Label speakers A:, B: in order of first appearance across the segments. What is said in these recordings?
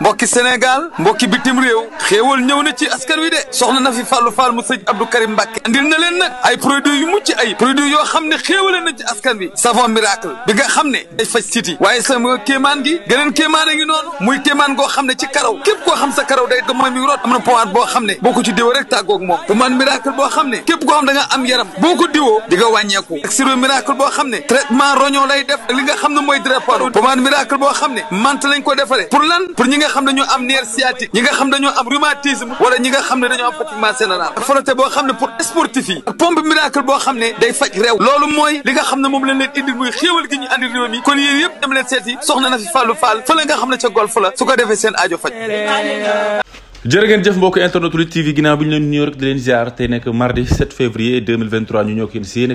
A: mbokki Sénégal mbokki bitim réew xéewal ñëw na ci askan wi de soxna na fi Fallou Fall mu sëñ Abdou Karim Mbacke andil na leen nag ay produits yu mucc ay produits yoo xam ne xéewale na ci askan wi savon miracle bi xam ne day faj siti waaye sama kéemaan gi geneen kéemaan a ngi noonu muy kéemaan goo xam ne ci karaw képp koo xam sa karaw day dama mi root xam ne boo ko xam ne am yaram boo ko diwoo di nga wàññeeku miracle boo xam ne traitement roñon lay def nga xam ne dañoo am nerf sciatique ñi nga xam dañoo am rhumatisme wala ñi nga xam ne dañoo am fatiguement général ak frotté boo xam ne pour sportif yi ak pompe miracle boo xam ne day faj réew loolu mooy li nga xam ne moom lañ leen indil muy xéewal gi ñu andi réew mi kon yéen yëpp dem leen seeti soxna na fi fàllu faal fa nga xam ne ca golf la su ko defee seen aajo faj
B: jërë ngeen jëf mbokk internet Lutte TV ginnaaw bi ñu leen nuyoo rek leen ziar tey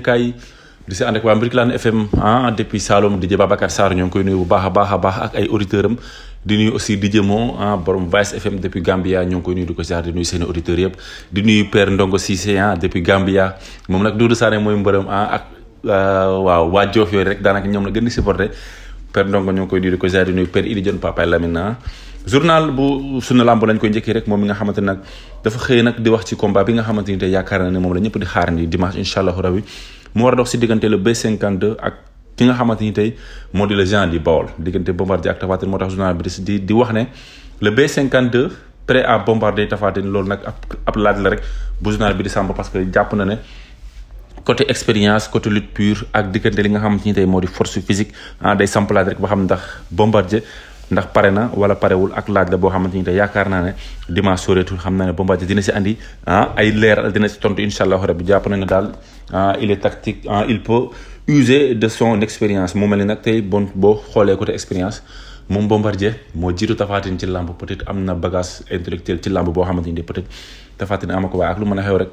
B: nekk di si ànd ak waa Mbirkilane FM ah depuis Saloum DJ Babacar Sarr ñoo ngi koy nuyu bu baax a baax a baax ak ay auditeurs am di nuyu aussi DJ Mo ah borom Vice FM depuis Gambia ñoo ngi koy nuyu di ko ziar seen auditeurs yëpp di nuyu Père Ndongo Cissé ah depuis Gambia moom nag Doudou Sané mooy mbërëm ah ak ah, waaw waa Joof yooyu rek daanaka ñoom la gën di supporté Père Ndongo ñoo ngi koy nuyu di ko ziar di nuyu Père Idi Dione Papa Lamine ah. journal bu sunu lamb lañ koy njëkkee rek moom mi nga xamante nag dafa xëy nag di wax ci combat bi nga xamante ni yaakaar na ne moom la ñëpp di xaar ni dimanche incha allahu rabi mu war a dox si diggante le B52 ak ki nga xamante ni tey moo di le Géant du Baol diggante Bombardier ak Tapha Tine moo tax journaliste di di wax ne le cinquante 52 prêt à bombarder Tapha Tine nag ab laaj la rek bu journal bi di sàmb parce que jàpp na ne côté expérience côté lutte pure ak diggante li nga xamante ni tey moo di force physique ah day sampalaat rek ba xam ndax Bombardier ndax pare na wala parewul ak laaj la boo xamante ni te yaakaar naa ne dimanche soreetul xam naa ne Bombardier dina si andi ah ay leeral dina si tontu incha allahu rabbi jàpp nañu daal ah il est tactique ah il peut user expérience mu mel ni nag tey bon boo xoolee côté expérience moom Bombardier moo jiitu Tapha Tine ci làmb peut-être am na bagage intellectuel ci làmb boo xamante ni peut-être Tapha Tine ko waaye ak lu mën a xew rek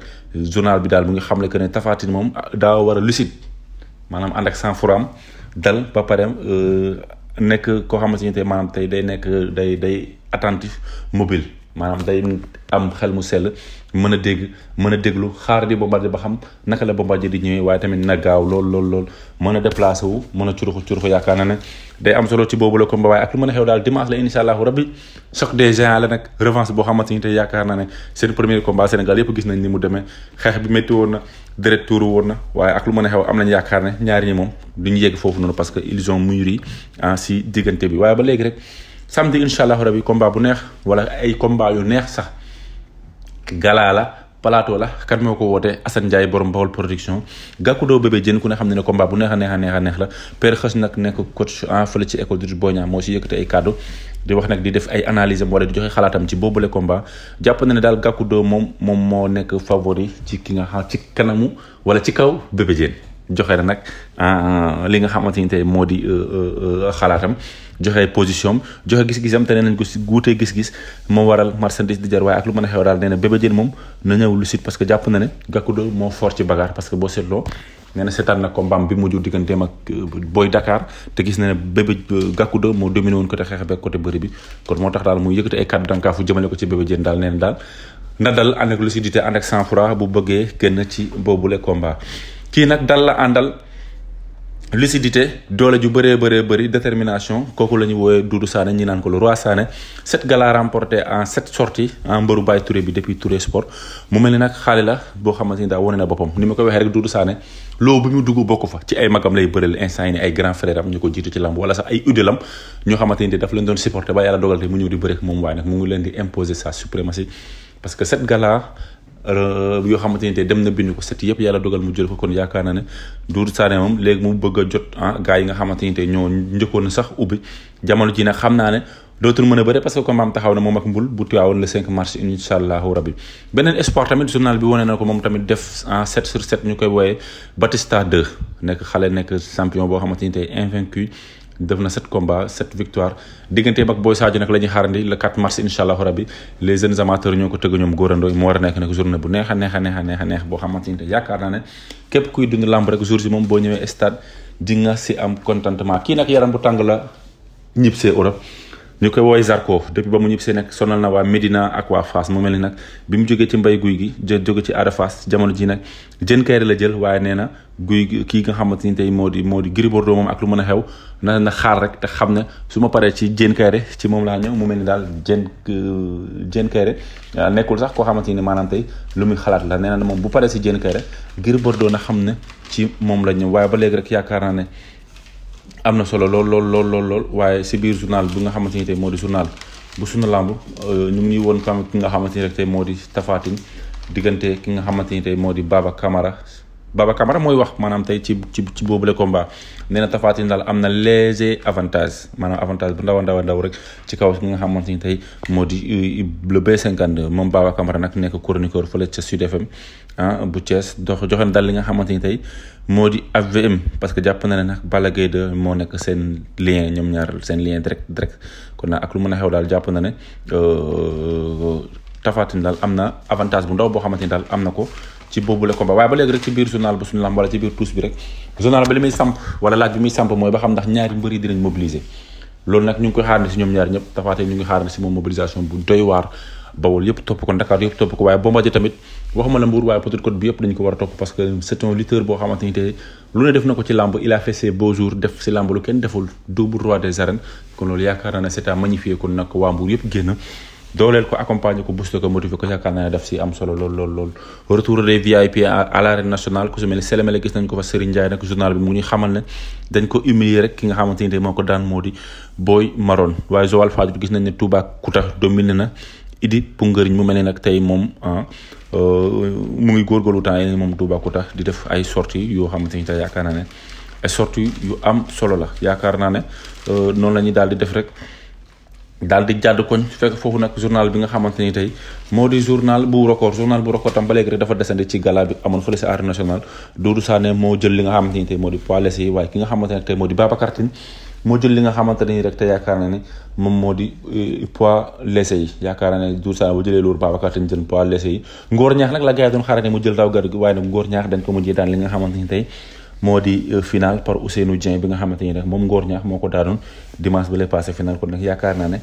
B: journal bi daal mu ngi xamle que ne Tapha Tine moom daa war a lucide maanaam ànd ak sang-froid am dal ba pare euh, nekk koo xamante ni tey maanaam tey day nekk day day attentif mobile maanaam day am xel mu sell mën a dégg mën a déglu xaar di Bombardier ba xam naka la Bombardier di ñëwee waaye tamit na gaaw lool lool lool mën a déplacé wu mën a curuxu curuxu yaakaar na ne day am solo ci boobu la combat waaye ak lu mën a xew daal dimanche la incha allahu rabbi choc des géants la nag revanche boo xamante ni tey yaakaar na ne seen premier combat Sénégal yëpp gis nañ ni mu demee xeex bi métti woon na deret tuuru woon na waaye ak lu mën a xew am nañ yaakaar ne ñaari ñi moom duñu yegg foofu noonu parce que ils ont ah, si diggante bi waaye ba léegi rek samedi incha allahu rabi combat bu neex wala ay combat yu neex sax galaa la plateau la kat moo ko woote Assane Ndiaye borom Bawol production gàkku doo bébé jën ku ne xam ne ne combat bu neex a neex a neex a neex la père xës nag nekk coach en ah, fële ci école de Boña moo si yëkkati ay kàddu di wax nag di def ay analyse am wala di joxe xalaatam ci boobule combat jàpp na ne daal Gackou 2 moom moom moo nekk favori ci ki nga xam ci kanamu wala ci kaw Bébé joxe na nag ah, li nga xamante ni tey moo di euh, euh, euh, xalaatam joxe position joxe gis-gisam te nee nañ ko si guutee gis-gis moo waral marchandise di jar waaye ak lu mën a xew daal nee na Bébé moom na ñëw lu sit parce que jàpp na ne Gackou 2 moo fort ci bagarre parce que boo seetloo nee na seetaan na ko combat bi mujj digganteem ak euh, Boy Dakar te gis na ne bébé euh, gàkku de moo dominé woon côté xeex beeg côté bëri bi kon moo tax daal muy yëkkati ay kàddu dankaafu jëmale ko ci bébé jéen daal nee na daal na dal ànd ak lucidité ànd ak sang-froid bu bëggee génn ci boobu boobule combat kii nag dal la àndal. lucidité doole ju bëree bëree bëri détermination kooku la ñu woowee Doudou Sané ñi naan ko le roi Sané sept galas remportés en sept sorties en mbëru Baye Touré bi depuis Touré Sport mu mel ni nag xaali la boo xamante ni daa wane na boppam ni ma ko waxee rek Doudou Sané loo bu ñu dugg bokk fa ci ay magam lay bëreel instant yi ni ay grand frère am ñu ko jiitu ci lamb wala sax ay udelam ñoo xamante ni daf leen doon supporté ba yàlla dogal te Euh, yoo xamante ni tey dem na bind ko set yëpp yàlla dogal mu jël ko kon yaakaar na ne Doudou Sané moom léegi mu bëgg a jot ah gars yi nga xamante ni tey ñoo njëkkoon sax ubbi jamono ji nag xam naa ne dootul mën a bëre parce que comme maam taxaw na moom ak mbul bu tuwaawoon le 5 mars incha allahu rabi beneen espoir tamit journal bi wane na ko moom tamit def ah, en 7 sur 7 ñu koy wooyee Batista 2 nekk xale nekk champion boo xamante ni tey invaincu def na sept combats sept victoires digganteem ak Boy Sadio nag la ñuy xaarandi le 4 mars incha allahu rabi les jeunes amateurs ñoo ko tëgg ñoom góorandoo moo war a nekk nag journée bu neex a neex a neex a neex a neex boo xamante ni te yaakaar naa ne képp kuy dund lamb rek jour si moom boo ñëwee stade di nga si am contentement kii nag yaram bu tàng la ñib see Europe ñu koy woowee Zarko depuis ba mu ñibbisee nag sonal na waa Médina ak waa fas mu mel ni nag bi mu jógee ci mbay guy gi jë jóge ci aada Fass jamono ji nag jën kayri la jël waaye nee na guy gi kii nga xamante ni tey moo di moo di Gris Bordeaux moom ak lu mën a xew na na xaar rek te xam ne su paree ci jën kayri ci moom laa ñëw mu mel ni daal jën euh, jën kayri euh, nekkul sax koo xamante ni maanaam tey lu muy xalaat la nee na moom bu paree si jën kayri Gris Bordeaux na xam ne ci moom lañ ñëw waaye ba léegi rek yaakaar naa ne am na solo lool lool lool lool lool waaye si biir journal bi nga xamante ni tey moo di journal bu sunu làmb euh, ñu ngi ñuy woon kam ki nga xamante ni rek tey moo di Tapha Tine diggante ki nga xamante ni tey moo di baaba kamara Baba Camara mooy wax maanaam tey ci ci ci boobule combat nee na Tapha Tine daal am na léger avantage maanaam avantage bu ndaw a ndaw rek ci kaw ki nga xamante ni tey moo di euh, le b moom Baba Camara nag nekk chroniqueur fële ca Sud FM ah bu Thiès dox joxe daal li nga xamante ni tey moo di AVM parce que jàpp na ne nag Balla Gaye moo nekk seen lien ñoom ñaar seen lien direct direct kon nag ak lu mën a xew daal jàpp na ne euh, Tapha Tine daal am na avantage bu ndaw boo xamante daal am na ko. ci boobu combat waaye ba léegi rek ci biir journal ba suñu lamb wala ci biir tuus bi rek journal ba li muy samp wala laaj bi muy samp mooy ba xam ndax ñaari mbër yi dinañ loolu nag ñu ngi koy xaarandi si ñoom ñaari ñëpp tafaate ñu ngi xaarandi si moom mobilisation bu doy waar bawol yëpp topp ko Dakar yëpp topp ko waaye Bombardier tamit waxuma la waaye peut-être bi yëpp dañu ko war a topp parce que c'est un lutteur boo xamante a fait dooleel ko accompagner ko booster ko motiver ko yaakaar naa am solo lool lool lool retour des VIP à l'arène nationale ku su mel ni Sélémélé gis nañ ko fa dañ ko humilier rek ki nga xamante ni moo ko daan moo di Boy Maroon waaye Joal Fadiouth gis nañ ne Toubacouta dominé na Idi Poungueur mu mel nag tey moom ah, euh, mu ngi góorgóorlu moom Toubacouta di def ay sorties yoo xamante ni tey yaakaar naa ne ay sorties yu am solo la yaakaar naa ne euh, noonu la ñuy daal di def rek. daal di jàdd koñ fekk foofu nag journal bi nga xamante ni tey moo di journal bu record journal bu record tam ba rek dafa desandi ci gala bi amoon fële si arène nationale Doudou Sané moo li nga xamante ni moo di poids léger yi waaye ki nga xamante moo di Babacar Tine jël li nga xamante ne rek te yaakaar na ne moom moo di eh, poids léger yi yaakaar na ne Doudou Sané bu jëlee loolu Babacar Tine jël poids léger yi ngóor ñaax nag la gars yi doon xaarane mu jël raw gàddu gi waaye nag ñaax dañ ko mujjee daan li nga xamante ni tey moo di euh, final par Ousseynou Dieng bi nga xamante ni rek moom Ngor ñaax moo ko daanoon dimanche ba lay passé final kon yaakaar naa ne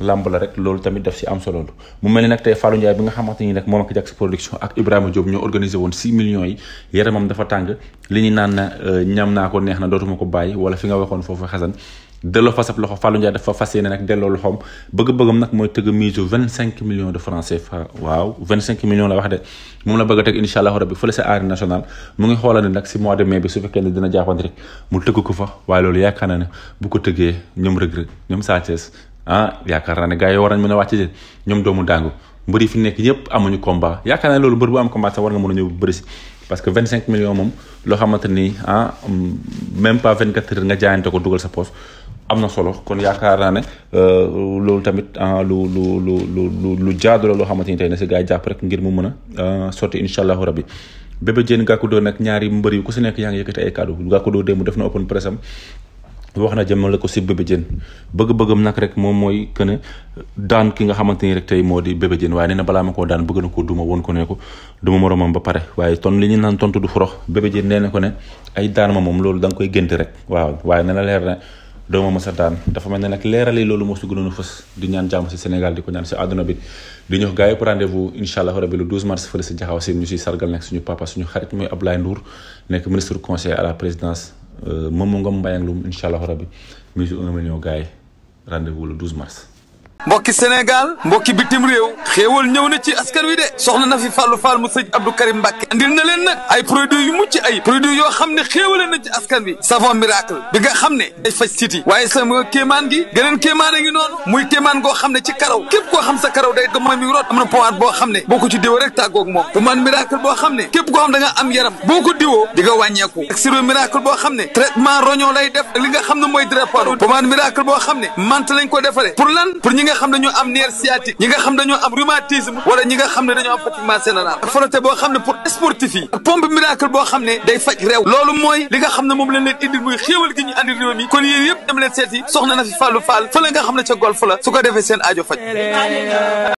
B: lamb la rek loolu tamit def si am solo la mu mel ni nag tey Fallou Ndiaye bi nga xamante ni nag moom ak Jax production ak Ibrahima Diop ñoo organisé woon 6 millions yi yaramam dafa tàng li ñu naan na euh, ñam naa ko neex na dootuma ko bàyyi wala fi nga waxoon foofu xasan delloo fa sab loxo Fallou Ndiaye dafa fas yéene nag delloo loxoom bëgg-bëggam nag mooy tëgg mise vingt cinq millions de francs CFA waaw vingt cinq millions la wax de moom la bëgg a teg incha allah rabbi fële sa arène nationale mu ngi xoolal nag si mois de mai bi su fekkee ne dina jàppante rek mu tëgg ko fa waaye loolu yaakaar naa ne bu ko tëggee ñoom Reug ñoom Sa Thiès ah yaakaar naa ne gars yi war nañ mën a wàcc de ñoom doomu dàngu mbër yi fi nekk ñëpp amuñu combat yaakaar naa ne loolu mbër bu am combat sax war nga a ah, sa poche am na solo kon yaakaar naa ne euh, loolu tamit ah, lu lu lu lu lu jaadu la loo xamante ni tey na si gars jàpp rek ngir mu mën a euh, sotti incha allahu rabbi Bébé Diène Gackou Dóor nag ñaari mbër yu ku si nekk yaa ngi yëkkati ay kàddu Gackou Dóor démb def na open press am wax na jëmale ko si Bébé Diène bëgg-bëggam nag rek moom mooy que ne daan ki nga xamante ni rek tey moo di Bébé Diène waaye nee na balaa ma koo daan bëgg na ko duma woon ko ne ko duma moromam ba pare waaye ton li ñu naan tontu du forox Bébé Diène nee na ko ne ay daan moom loolu da nga koy gént rek waaw waaye nee na leer na doo ma mës a daan dafa mel ne nag leerali loolu moo si gënoon a fës di ñaan jàmm si Sénégal di ko ñaan si àdduna bi di le 12 mars fële si jaxaw si ñu si sargal nag suñu papa suñu xarit muy Ablaye Ndour nekk ministre conseiller à la présidence moom euh, mu ngom mbayang lum incha allah rabi mu si un million gars yi rendez-vous mars
A: mbokki Sénégal mbokki bitim réew xéewal ñëw na ci askan wi de soxna na fi Fallou Fall mu sëñ Abdou Karim Mbacke andil na leen nag ay produits yu mucc ay produits yoo xam ne xéewale na ci askan wi savon miracle bi xam ne day faj siti waaye sama kéemaan gi geneen kéemaan a ngi muy kéemaan goo xam ne ci karaw képp koo xam sa karaw day dama mi root xam ne boo ko xam ne am yaram boo ko diwoo di nga wàññeeku miracle boo xam ne traitement roñon lay def nga xam ne dañoo am nerf sciatique ñi nga xam dañoo am rhumatisme wala ñi nga xam ne dañoo am fatiguement général ak frotté boo xam ne pour sportif pompe miracle boo xam ne day faj réew loolu mooy li nga xam ne moom lañ leen indil muy xéewal gi ñu andi réew kon yéen yëpp dem leen seeti soxna na fi fàllu faal fa la nga xam ne ca golf la su ko defee seen aajo
B: faj